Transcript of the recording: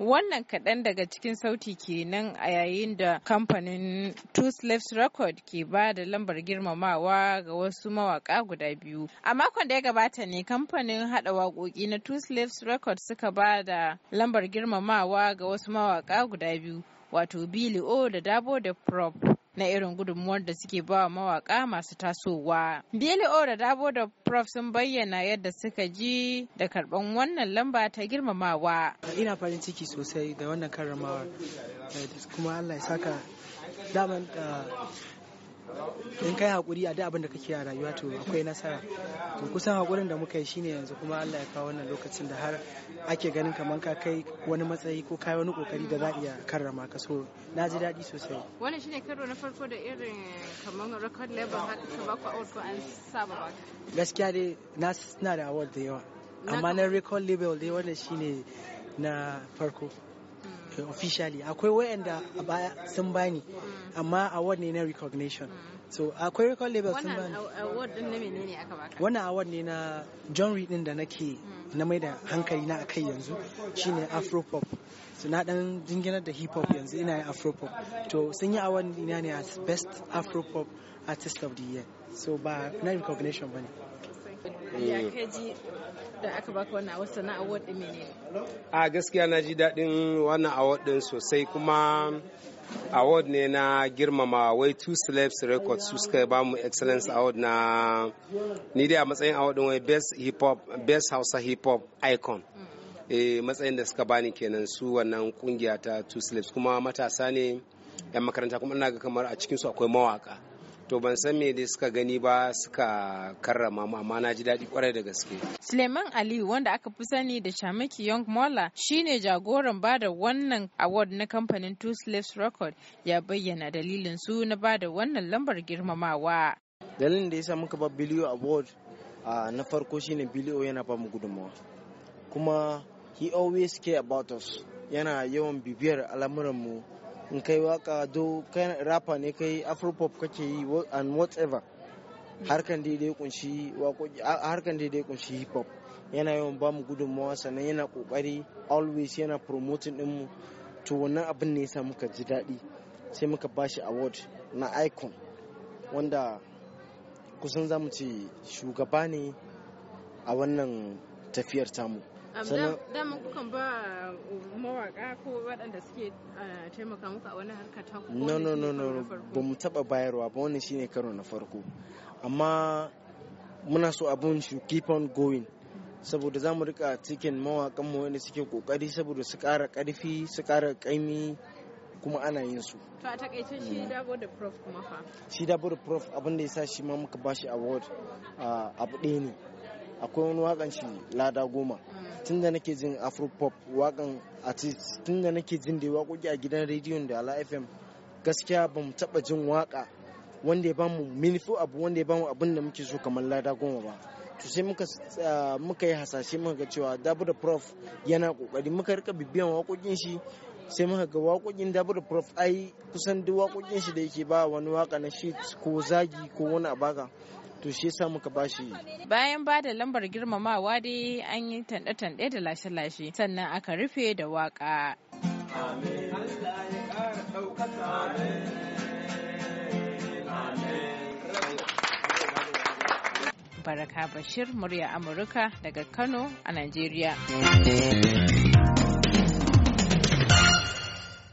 Wannan kaɗan daga cikin sauti kenan a yayin da kamfanin Two Slaves Record ke ba da lambar girmamawa ga wasu mawaka guda biyu. A makon da ya gabata ne kamfanin haɗa waƙoƙi na Two Slaves Record suka ba da lambar girmamawa ga wasu mawaka guda biyu, wato Billy O da Dabo da Prop. na irin gudunmuwar da suke ba mawaka masu tasowa. Biyali da Dabo da Prof sun bayyana yadda suka ji da karban wannan lamba ta girmamawa. Ina farin ciki sosai da wannan karramawar eh, kuma Allah ya saka daman eh, to in kai hakuri a duk abin da kake a rayuwa to akwai nasara to kusan hakurin da muka yi shine yanzu kuma Allah ya kawo wannan lokacin da har ake ganin kamar ka kai wani matsayi ko kai wani kokari da za a iya karrama ka so na ji daɗi sosai wannan shine karo na farko da irin kamar record label haka ka ba ku award ko an saba ba gaskiya dai na suna da award da yawa amma na record label dai wannan shine na farko officially akwai wayanda a baya sun bani amma award ne na recognition so akwai record label sun bani wannan award ne na john reed din da nake na mai da hankali na akai yanzu shine afropop so na dan jinginar da hip hop yanzu ina yin afropop to sun yi award ina ne as best afropop artist of the year so ba na recognition bane Eh. a gaskiya na ji daɗin wannan award din sosai kuma award ne na girmama wai two slaves records su suka ba mu excellence award na ni dai a matsayin award din wai best hip hop best hausa hip hop icon mm. eh matsayin da suka bani kenan su wannan kungiya ta two slaves kuma matasa ne yan makaranta kuma ina ga kamar a cikin su akwai mawaka to ban san me da suka gani ba suka karrama mu amma na ji daɗi kwarai da gaske Suleiman Ali wanda aka fi sani da Shamaki Young Mola shine jagoran ba da wannan award na kamfanin Two Slaves Record ya bayyana dalilin su na da wannan lambar girmamawa dalilin da ya sa muka ba Bilio Award na farko shine Bilio yana ba mu gudunmawa kuma he always care about us yana yawan bibiyar al'amuranmu in kai waka do kai rapper ne kai afropop kake yi and whatever harkan da ya kunshi harkan da ya kunshi hip hop yana yawan ba mu gudunmawa sannan yana kokari always yana promoting din mu to wannan abin ne yasa muka ji daɗi sai muka bashi award na icon wanda kusan za mu ce shugaba ne a wannan tafiyar tamu dama kukan ba uh, mawaka ko waɗanda suke uh, taimaka muku a wani harka ta ku no no no no ba mu taɓa bayarwa ba wannan shine karo na farko amma muna so abun shi keep on going saboda za mu rika cikin mawakan mu wanda suke kokari saboda su ƙara ƙarfi su ƙara ƙaimi kuma ana yin su. To a takaice shi mm. dabo da prof kuma fa? Shi dabo da prof abin da ya sa shi ma muka bashi award uh, abu ɗaya ne. Akwai wani wakan shi lada goma. Mm. tun da nake jin afropop wakan artist tun da nake jin da waƙoƙi a gidan rediyon da ala fm gaskiya ba mu taɓa jin waƙa wanda ya bamu minifu abu wanda ya bamu abin da muke so kamar lada goma ba to sai muka yi hasashe muka ga cewa dabu da prof yana kokari muka rika bibiyan waƙoƙin shi sai muka ga waƙoƙin dabu da prof ai kusan duk waƙoƙin shi da yake ba wani waka na shit ko zagi ko wani abaka to shi yasa muka bashi bayan ba da lambar girmamawa dai an yi tanɗe-tanɗe da lashe-lashe sannan aka rufe da waka Baraka Bashir, murya Amurka daga Kano a Najeriya.